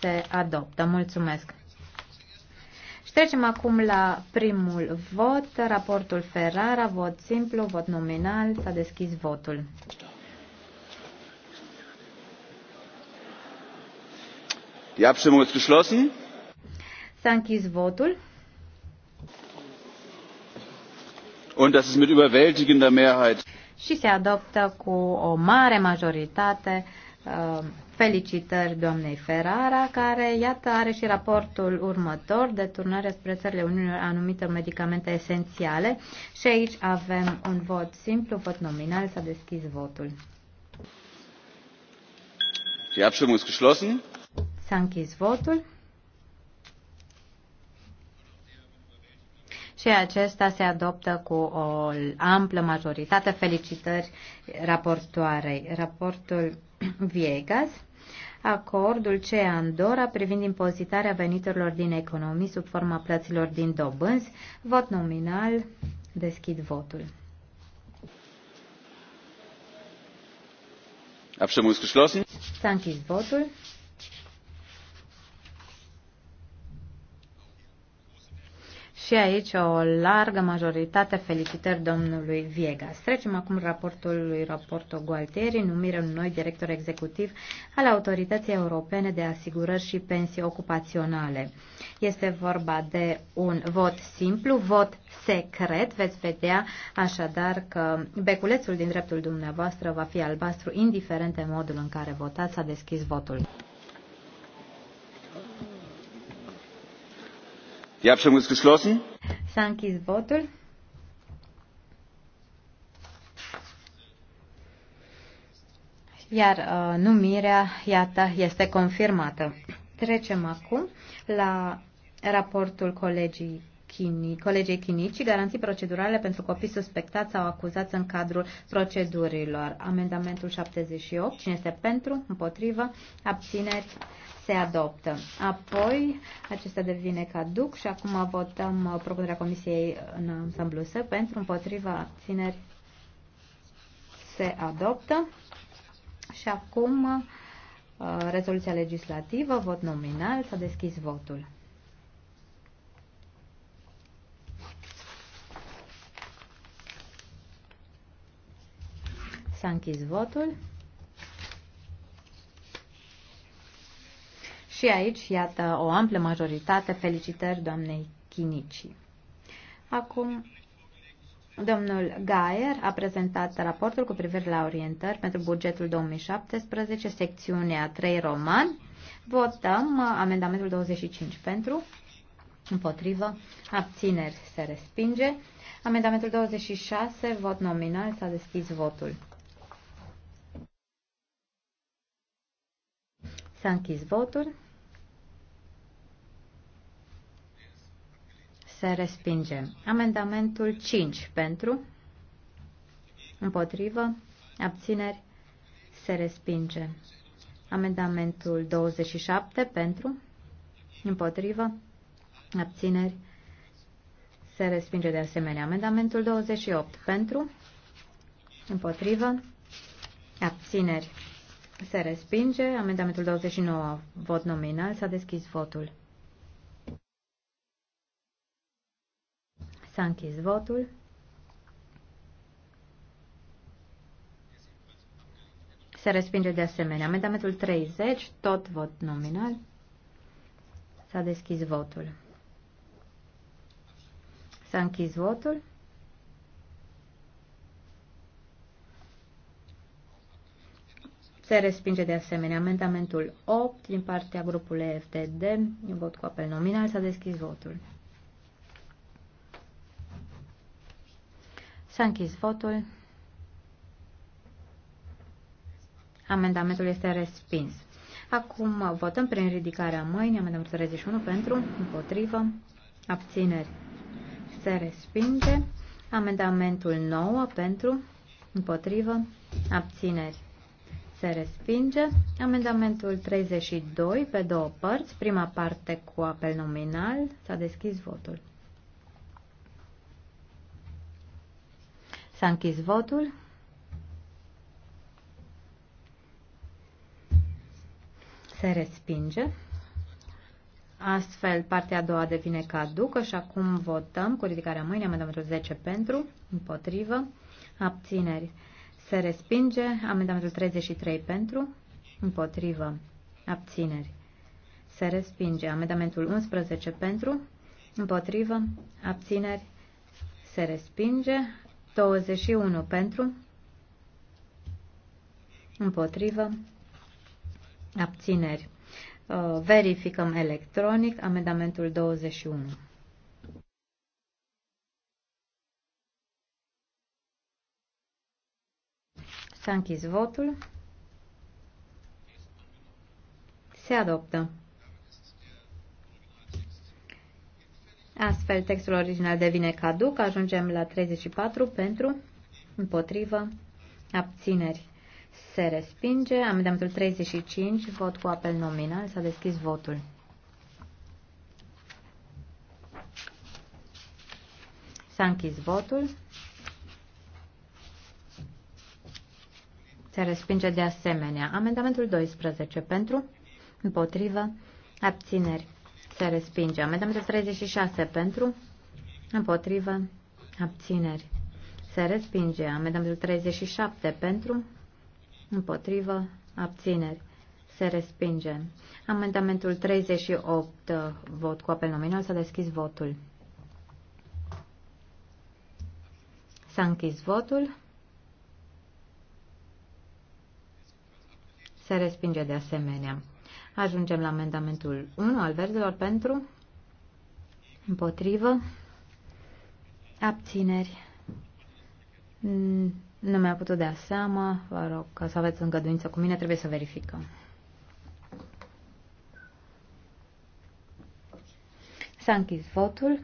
se adoptă. Mulțumesc! Și trecem acum la primul vot, raportul Ferrara, vot simplu, vot nominal, s-a deschis votul. Die Abstimmung ist geschlossen. S-a închis votul. Und das ist mit überwältigender Mehrheit. Și se adoptă cu o mare majoritate uh, Felicitări doamnei Ferrara, care, iată, are și raportul următor de turnare spre țările Uniunii anumitor medicamente esențiale. Și aici avem un vot simplu, vot nominal, s-a deschis votul. Die Abstimmung ist geschlossen. S-a închis votul. și acesta se adoptă cu o amplă majoritate. Felicitări raportoarei. Raportul Viegas acordul CE-Andorra privind impozitarea veniturilor din economii sub forma plăților din dobânzi. Vot nominal. Deschid votul. Abstimmung ist geschlossen. S-a închis votul. Și aici o largă majoritate felicitări domnului Viegas. Trecem acum raportul lui Raporto Gualtieri, numirea un noi director executiv al Autorității Europene de Asigurări și Pensii Ocupaționale. Este vorba de un vot simplu, vot secret. Veți vedea așadar că beculețul din dreptul dumneavoastră va fi albastru, indiferent de modul în care votați. S-a deschis votul. Die Abstimmung ist geschlossen. S-a închis votul. Iar uh, numirea, iată, este confirmată. Trecem acum la raportul colegii Chini, Chinii Chinici, garanții procedurale pentru copii suspectați sau acuzați în cadrul procedurilor. Amendamentul 78. Cine este pentru? Împotrivă? Abțineri? Se adoptă. Apoi, acesta devine caduc și acum votăm uh, propunerea Comisiei în ansamblu să pentru împotriva abțineri se adoptă. Și acum uh, rezoluția legislativă, vot nominal, s-a deschis votul. S-a închis votul. Și aici, iată, o amplă majoritate. Felicitări doamnei Chinici. Acum, domnul Gaier a prezentat raportul cu privire la orientări pentru bugetul 2017, secțiunea 3 roman. Votăm uh, amendamentul 25 pentru, împotrivă, abțineri se respinge. Amendamentul 26, vot nominal, s-a deschis votul. S-a închis votul. Se respinge. Amendamentul 5 pentru. Împotrivă. Abțineri. Se respinge. Amendamentul 27 pentru. Împotrivă. Abțineri. Se respinge de asemenea. Amendamentul 28 pentru. Împotrivă. Abțineri. Se respinge. Amendamentul 29, vot nominal. S-a deschis votul. S-a închis votul. Se respinge de asemenea. Amendamentul 30, tot vot nominal. S-a deschis votul. S-a închis votul. Se respinge de asemenea amendamentul 8 din partea grupului FDD. Vot cu apel nominal. S-a deschis votul. S-a închis votul. Amendamentul este respins. Acum votăm prin ridicarea mâinii. Amendamentul 31 pentru, împotrivă, abțineri. Se respinge. Amendamentul 9 pentru, împotrivă, abțineri se respinge. Amendamentul 32 pe două părți, prima parte cu apel nominal, s-a deschis votul. S-a închis votul. Se respinge. Astfel, partea a doua devine caducă și acum votăm cu ridicarea mâinii amendamentul 10 pentru, împotrivă, abțineri. Se respinge amendamentul 33 pentru, împotrivă, abțineri. Se respinge amendamentul 11 pentru, împotrivă, abțineri. Se respinge 21 pentru, împotrivă, abțineri. Uh, verificăm electronic amendamentul 21. S-a închis votul. Se adoptă. Astfel, textul original devine caduc. Ajungem la 34 pentru, împotrivă, abțineri. Se respinge. Amendamentul 35, vot cu apel nominal. S-a deschis votul. S-a închis votul. Se respinge de asemenea. Amendamentul 12 pentru, împotrivă, abțineri. Se respinge. Amendamentul 36 pentru, împotrivă, abțineri. Se respinge. Amendamentul 37 pentru, împotrivă, abțineri. Se respinge. Amendamentul 38, vot cu apel nominal, s-a deschis votul. S-a închis votul. Se respinge de asemenea. Ajungem la amendamentul 1 al verzilor pentru, împotrivă, abțineri. Nu mi-a putut dea seama, vă rog, ca să aveți îngăduință cu mine, trebuie să verificăm. S-a închis votul.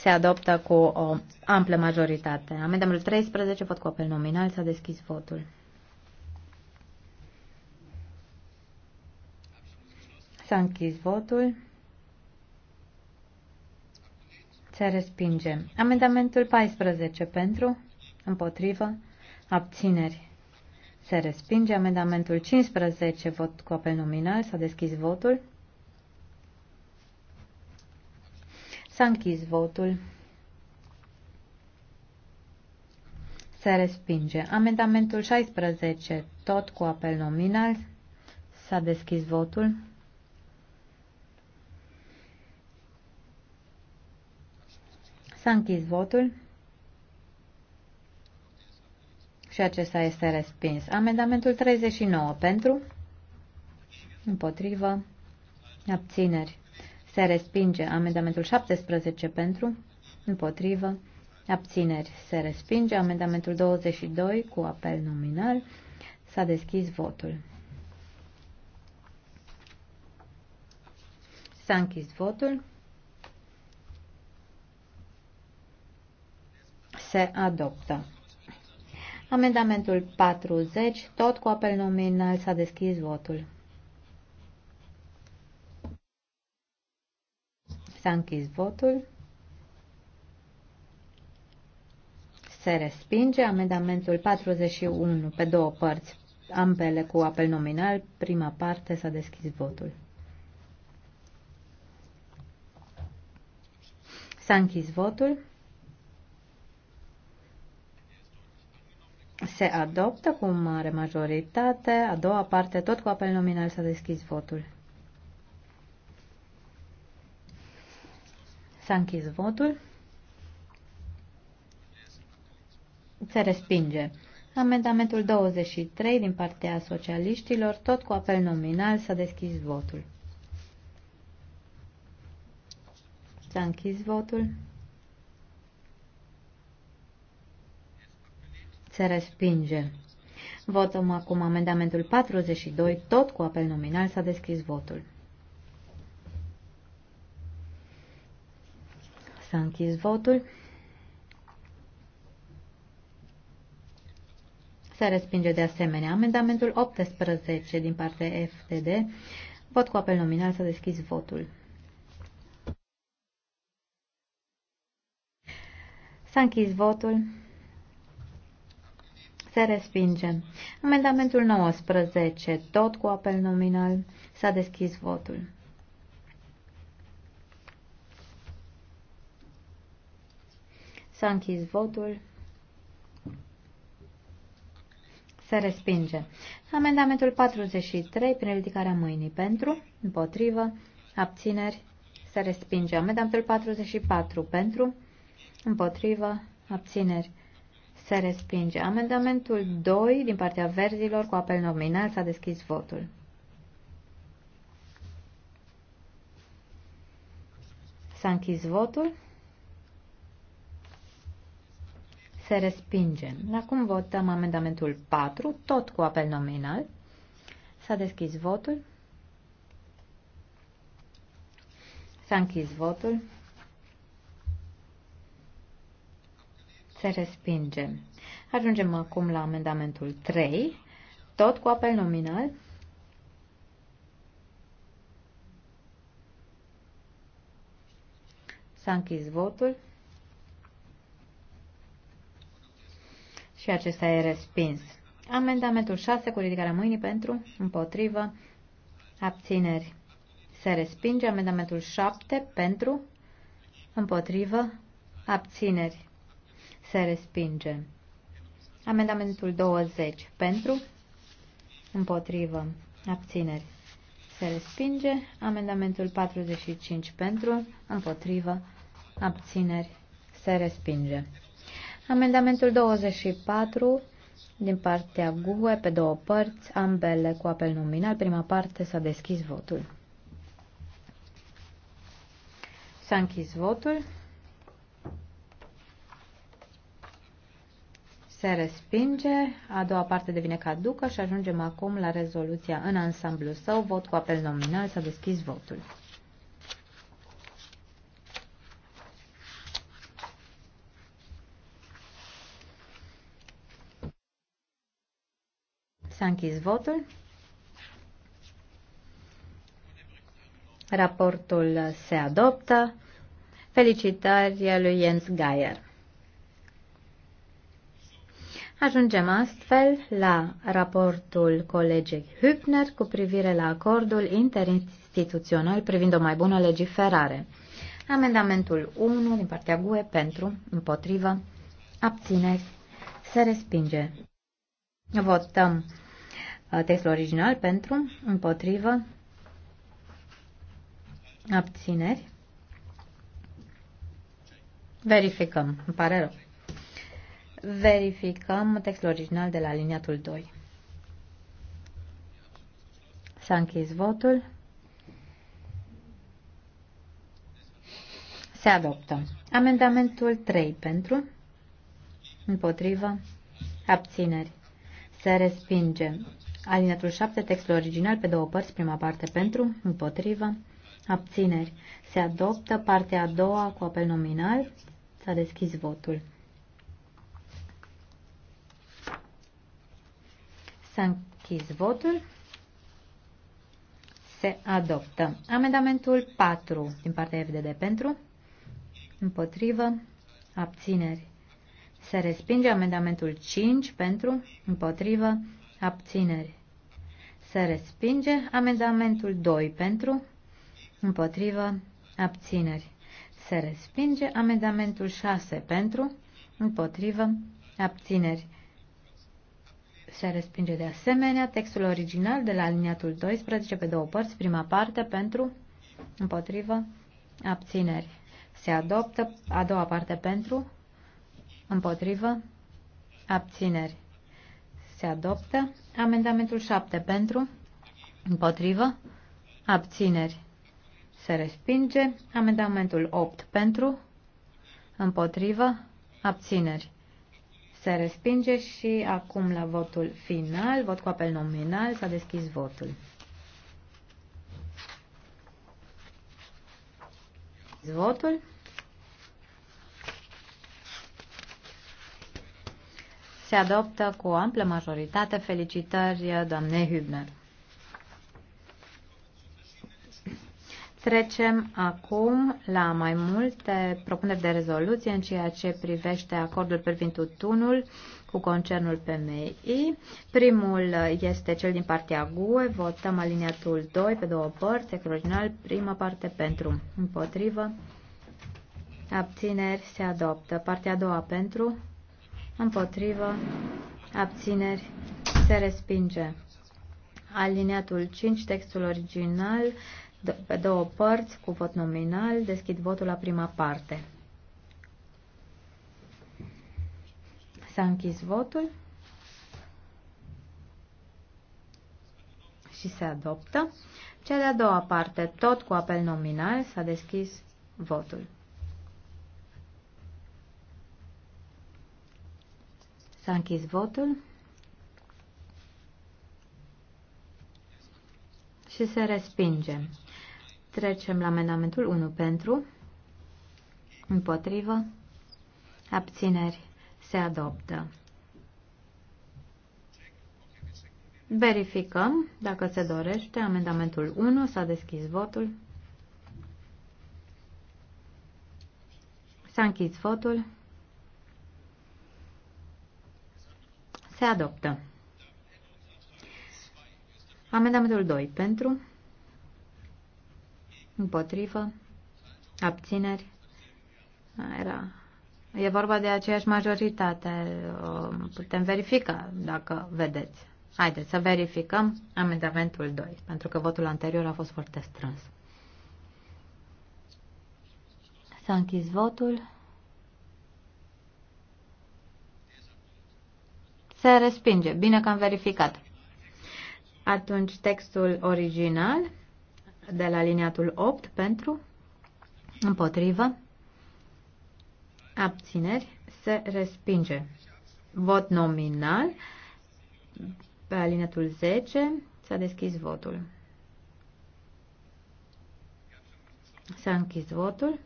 se adoptă cu o amplă majoritate. Amendamentul 13, vot cu apel nominal, s-a deschis votul. S-a închis votul. Se respinge. Amendamentul 14 pentru, împotrivă, abțineri. Se respinge amendamentul 15, vot cu apel nominal, s-a deschis votul. S-a închis votul. Se respinge. Amendamentul 16, tot cu apel nominal. S-a deschis votul. S-a închis votul. Și acesta este respins. Amendamentul 39 pentru, împotrivă, abțineri. Se respinge amendamentul 17 pentru, împotrivă, abțineri. Se respinge amendamentul 22 cu apel nominal. S-a deschis votul. S-a închis votul. Se adoptă. Amendamentul 40, tot cu apel nominal, s-a deschis votul. S-a închis votul. Se respinge amendamentul 41 pe două părți, ambele cu apel nominal. Prima parte s-a deschis votul. S-a închis votul. Se adoptă cu mare majoritate. A doua parte, tot cu apel nominal, s-a deschis votul. S-a închis votul. Se respinge. Amendamentul 23 din partea socialiștilor, tot cu apel nominal, s-a deschis votul. S-a închis votul. Se respinge. Votăm acum amendamentul 42, tot cu apel nominal, s-a deschis votul. S-a închis votul. Se respinge de asemenea amendamentul 18 din partea FTD. Vot cu apel nominal să deschis votul. S-a închis votul. Se respinge. Amendamentul 19, tot cu apel nominal, s-a deschis votul. S-a închis votul. Se respinge. Amendamentul 43, prin ridicarea mâinii pentru, împotrivă, abțineri, se respinge. Amendamentul 44, pentru, împotrivă, abțineri, se respinge. Amendamentul 2, din partea verzilor, cu apel nominal, s-a deschis votul. S-a închis votul. se respinge. Acum votăm amendamentul 4, tot cu apel nominal. S-a deschis votul. S-a închis votul. Se respinge. Ajungem acum la amendamentul 3, tot cu apel nominal. S-a închis votul. și acesta e respins. Amendamentul 6 cu ridicarea mâinii pentru, împotrivă, abțineri. Se respinge amendamentul 7 pentru, împotrivă, abțineri. Se respinge. Amendamentul 20 pentru, împotrivă, abțineri. Se respinge. Amendamentul 45 pentru, împotrivă, abțineri. Se respinge. Amendamentul 24 din partea GUE pe două părți, ambele cu apel nominal. Prima parte s-a deschis votul. S-a închis votul. Se respinge, a doua parte devine caducă și ajungem acum la rezoluția în ansamblu său. Vot cu apel nominal, s-a deschis votul. S-a închis votul. Raportul se adoptă. Felicitări lui Jens Geier. Ajungem astfel la raportul colegei Hübner cu privire la acordul interinstituțional privind o mai bună legiferare. Amendamentul 1 din partea GUE pentru, împotrivă, abțineri, se respinge. Votăm Uh, textul original pentru, împotrivă, abțineri. Verificăm, îmi pare rău. Verificăm textul original de la liniatul 2. S-a închis votul. Se adoptă. Amendamentul 3 pentru, împotrivă, abțineri. Se respinge. Alinatul 7, textul original, pe două părți, prima parte pentru, împotrivă, abțineri. Se adoptă partea a doua cu apel nominal. S-a deschis votul. S-a închis votul. Se adoptă. Amendamentul 4 din partea FDD pentru, împotrivă, abțineri. Se respinge amendamentul 5 pentru, împotrivă, abțineri. Se respinge amendamentul 2 pentru, împotrivă, abțineri. Se respinge amendamentul 6 pentru, împotrivă, abțineri. Se respinge de asemenea textul original de la aliniatul 12 pe două părți, prima parte pentru, împotrivă, abțineri. Se adoptă a doua parte pentru, împotrivă, abțineri se adoptă. Amendamentul 7 pentru, împotrivă, abțineri, se respinge. Amendamentul 8 pentru, împotrivă, abțineri, se respinge și acum la votul final, vot cu apel nominal, s-a deschis votul. Votul. se adoptă cu o amplă majoritate. Felicitări, doamne Hübner. Trecem acum la mai multe propuneri de rezoluție în ceea ce privește acordul privind tutunul cu concernul PMI. Primul este cel din partea GUE. Votăm aliniatul 2 pe două părți, original, prima parte pentru, împotrivă, abțineri, se adoptă. Partea a doua pentru, împotrivă, abțineri, se respinge. Aliniatul 5, textul original, pe două părți, cu vot nominal, deschid votul la prima parte. S-a închis votul și se adoptă. Cea de-a doua parte, tot cu apel nominal, s-a deschis votul. S-a închis votul și se respinge. Trecem la amendamentul 1 pentru, împotrivă, abțineri, se adoptă. Verificăm, dacă se dorește, amendamentul 1, s-a deschis votul. S-a închis votul. Se adoptă. Amendamentul 2. Pentru. Împotrivă. Abțineri. Era. E vorba de aceeași majoritate. Putem verifica dacă vedeți. Haideți să verificăm amendamentul 2, pentru că votul anterior a fost foarte strâns. S-a închis votul. Se respinge. Bine că am verificat. Atunci textul original de la liniatul 8 pentru împotrivă abțineri se respinge. Vot nominal pe alinetul 10 s-a deschis votul. S-a închis votul.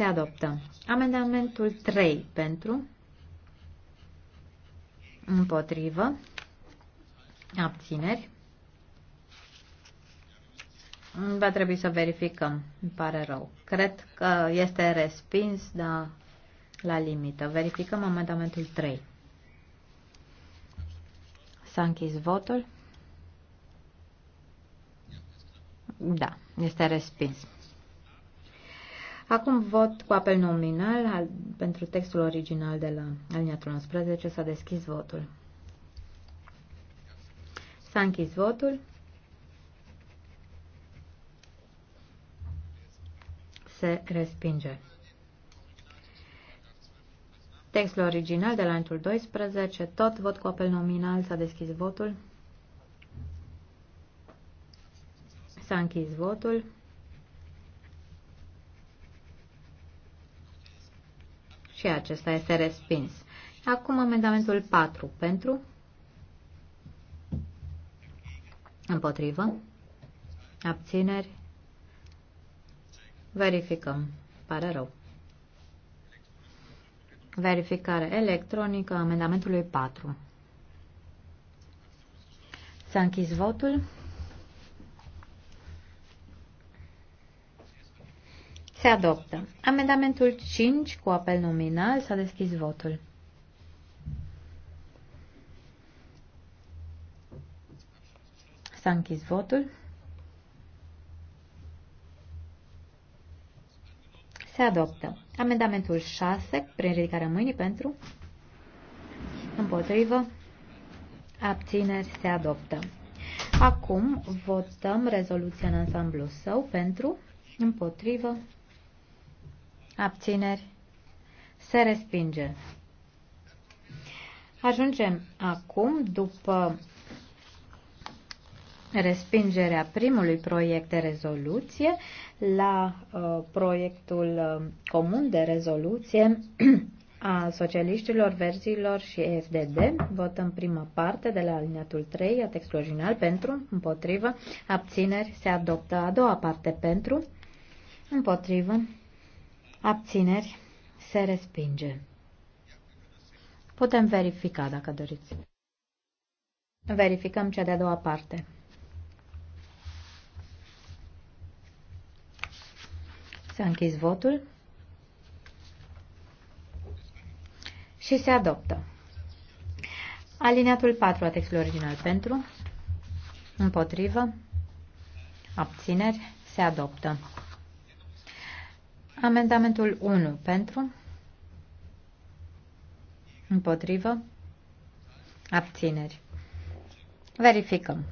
Se adoptă. Amendamentul 3 pentru. Împotrivă. Abțineri. Va trebui să verificăm. Îmi pare rău. Cred că este respins, dar la limită. Verificăm amendamentul 3. S-a închis votul. Da, este respins. Acum vot cu apel nominal al, pentru textul original de la aliniatul 11. S-a deschis votul. S-a închis votul. Se respinge. Textul original de la antul 12, tot vot cu apel nominal, s-a deschis votul. S-a închis votul. și acesta este respins. Acum amendamentul 4 pentru, împotrivă, abțineri, verificăm, pare rău. Verificare electronică amendamentului 4. S-a închis votul. Se adoptă. Amendamentul 5 cu apel nominal s-a deschis votul. S-a închis votul. Se adoptă. Amendamentul 6, prin ridicarea mâinii pentru, împotrivă, abțineri, se adoptă. Acum votăm rezoluția în ansamblu său pentru, împotrivă, abțineri, se respinge. Ajungem acum, după respingerea primului proiect de rezoluție, la uh, proiectul uh, comun de rezoluție a socialiștilor, verzilor și FDD. Votăm prima parte de la alineatul 3 a textului original pentru, împotrivă, abțineri, se adoptă a doua parte pentru, împotrivă, Abțineri. Se respinge. Putem verifica dacă doriți. Verificăm cea de-a doua parte. S-a închis votul și se adoptă. Alineatul 4 a textului original pentru, împotrivă, abțineri, se adoptă. Amendamentul 1 pentru, împotrivă, abțineri. Verificăm.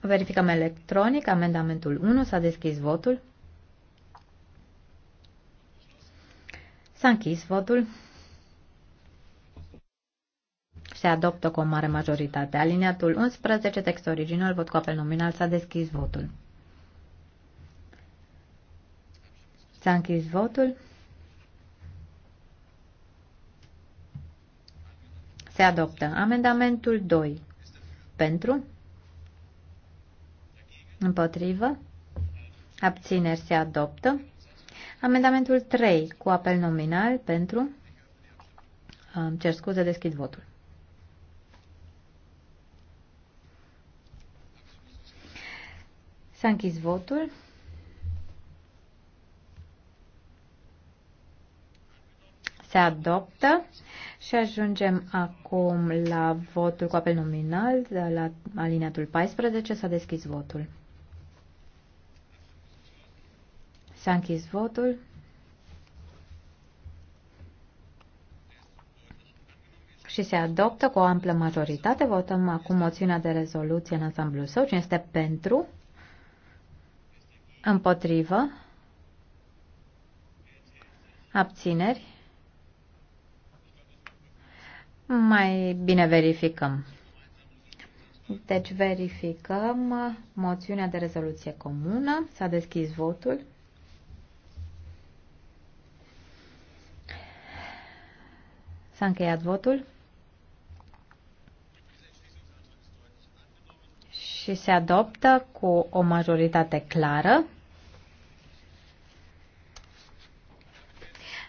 Verificăm electronic amendamentul 1. S-a deschis votul. S-a închis votul. Se adoptă cu o mare majoritate. Aliniatul 11, text original, vot cu apel nominal, s-a deschis votul. S-a închis votul. Se adoptă. Amendamentul 2. Pentru? Împotrivă? Abțineri se adoptă. Amendamentul 3 cu apel nominal pentru. Îmi cer scuze, deschid votul. S-a închis votul. se adoptă și ajungem acum la votul cu apel nominal, la alineatul 14, s-a deschis votul. S-a închis votul. și se adoptă cu o amplă majoritate. Votăm acum moțiunea de rezoluție în ansamblu său. Cine este pentru? Împotrivă? Abțineri? Mai bine verificăm. Deci verificăm moțiunea de rezoluție comună. S-a deschis votul. S-a încheiat votul. Și se adoptă cu o majoritate clară.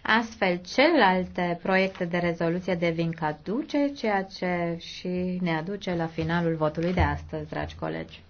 Astfel, celelalte proiecte de rezoluție devin caduce, ceea ce și ne aduce la finalul votului de astăzi, dragi colegi.